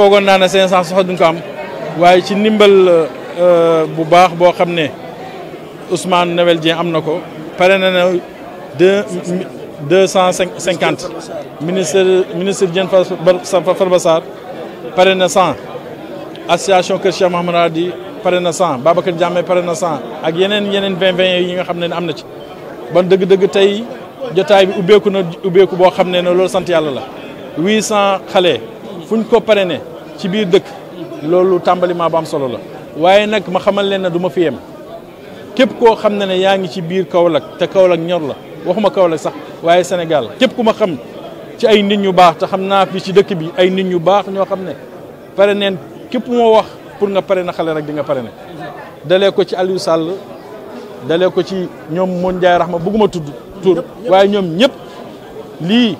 foogoon naa ne 500 sax duñ ko am waaye ci ndimbal euh, euh, bu baax boo xam ne Ousmane Noël Dieng am na ko pare na ne deux deux cent cinquante ministre ministre Diène Farba Sarr pare na cent association Kër Cheikh Mahamadou Hadi pare na cent Babacar Diame pare na cent ak yeneen yeneen vingt vingt yi nga xam ne ne am na ci ban dëgg-dëgg tey jotaay bi ubbeeku na ubbeeku boo xam ne ne loolu sant yàlla la xale fu ñu ko pare ne ci biir dëkk loolu tàmbaliment bu am solo la waaye nag ma xamal leen ne du ma fi yem képp koo xam ne ne yaa ngi ci biir Kaolack te Kaolack ñor la waxuma Kaolack sax waaye senegal képp ku ma xam ci ay nit ñu baax te xam naa bi ci dëkk bi ay nit ñu baax ñoo xam ne pare neen képp moo wax pour nga pare na xale rek di nga pare ne dalee ko ci Aliou Sall dalee ko ci ñoom Moon Njaay Rahma bëgguma tudd tur waaye ñoom ñëpp lii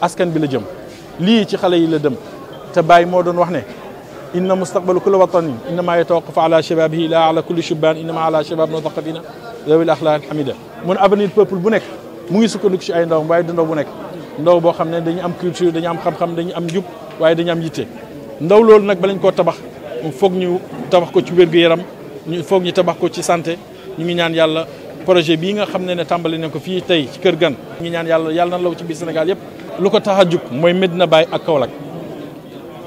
askan bi la jëm lii ci xale yi la dem تباي مودن وحنه إن مستقبل كل وطني إنما يتوقف على شبابه لا على كل شبان إنما على شباب نطقتنا ذوي الأخلاق الحميدة من أبني البوبل بونك مو يسكن لك شيء عندهم بعيد نو بونك نو بخم نديني أم كولتور دني أم خم خم دني أم جوب بعيد دني أم يتي نو لول نك بلين كوت تبخ فوق نيو تبخ كوت بير غيرام فوق نيو تبخ كوت سانتة نمينان يالا projet bi nga xamne ne tambali nako fi tay ci kër gan ñi ñaan yalla yalla na la ci bi senegal yépp lu ko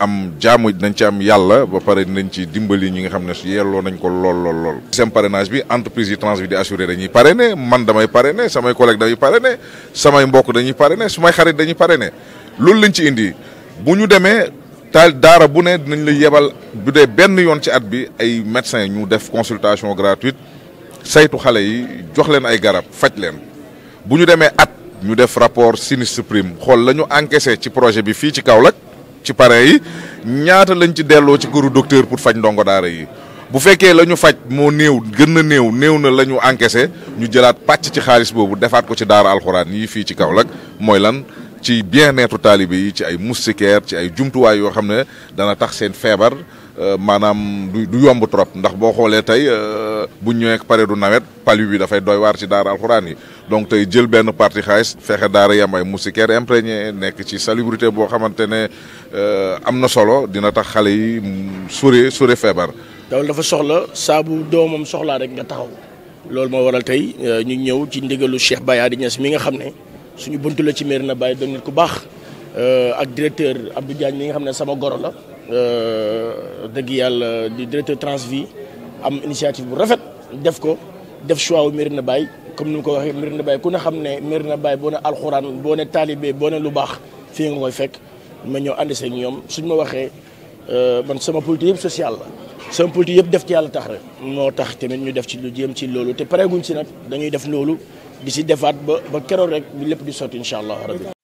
am jaamu dinañ ci am yàlla ba pare dinañ ci dimbali ñi nga xam ne su loo nañ ko lool lool lool. système parrainage bi entreprise yi Transvi di assuré dañuy ne man damay pare parrainé samay collègue pare parrainé samay mbokk dañuy pare parrainé sumay xarit dañuy parrainé loolu lañ ci indi bu ñu demee taal daara bu ne dinañ la yebal bu dee benn yoon ci at bi ay médecin ñu def consultation gratuite saytu xale yi jox leen ay garab faj leen bu ñu demee at ñu def rapport sinistre prime xool la ñu encaissé ci projet bi fii ci Kaolack ci pare yi ñaata lañ ci delloo ci këru docteur pour faj ndongo daara yi bu fekkee la ñu faj moo néew gën na néew néew na la ñu encaissé ñu jëlaat pàcc ci xaalis boobu defaat ko ci daara alxuraan yi fii ci kaw Kaolack mooy lan ci bien-être taalibe yi ci ay moustiquaire ci ay jumtuwaay yoo xam ne dana tax seen feebar euh, maanaam du du yomb trop ndax boo xoolee tey euh, bu ñëwee pare du nawet pali bi dafay doy waar ci daara alxuraan yi donc tey jël benn parti xaalis fexe daara yamay moustiquaire imprégné nekk ci salubrité boo xamante ne euh, am na solo dina tax xale yi sure sure feebar. loolu dafa soxla saabu doomam soxlaa rek nga taxaw. loolu moo waral tey euh, ñu ñëw ci ndigalu Cheikh Baye Adi si mi nga xam ne suñu buntu la ci mairie na Baye doon nit ku baax euh, ak directeur Abdou Diagne mi nga xam ne sama goro la dëgg yàlla di directeur Transvie. am initiative bu rafet def ko def choix wu Médina Baye comme ni mu ko waxee Médina Baye ku ne xam ne Médina Baye boo ne alxuraan boo ne taalibee boo ne lu baax fii nga koy fekk ma ñëw ànd seeg ñoom suñ ma waxee euh, man sama politique yëpp sociale la. sama politique yëpp def ci yàlla tax rek moo tax te tamit ñu def ci lu jéem ci loolu te pareeguñ si nag dañuy def loolu di si defaat ba ba keroog rek lépp di sotti incha allah rabbi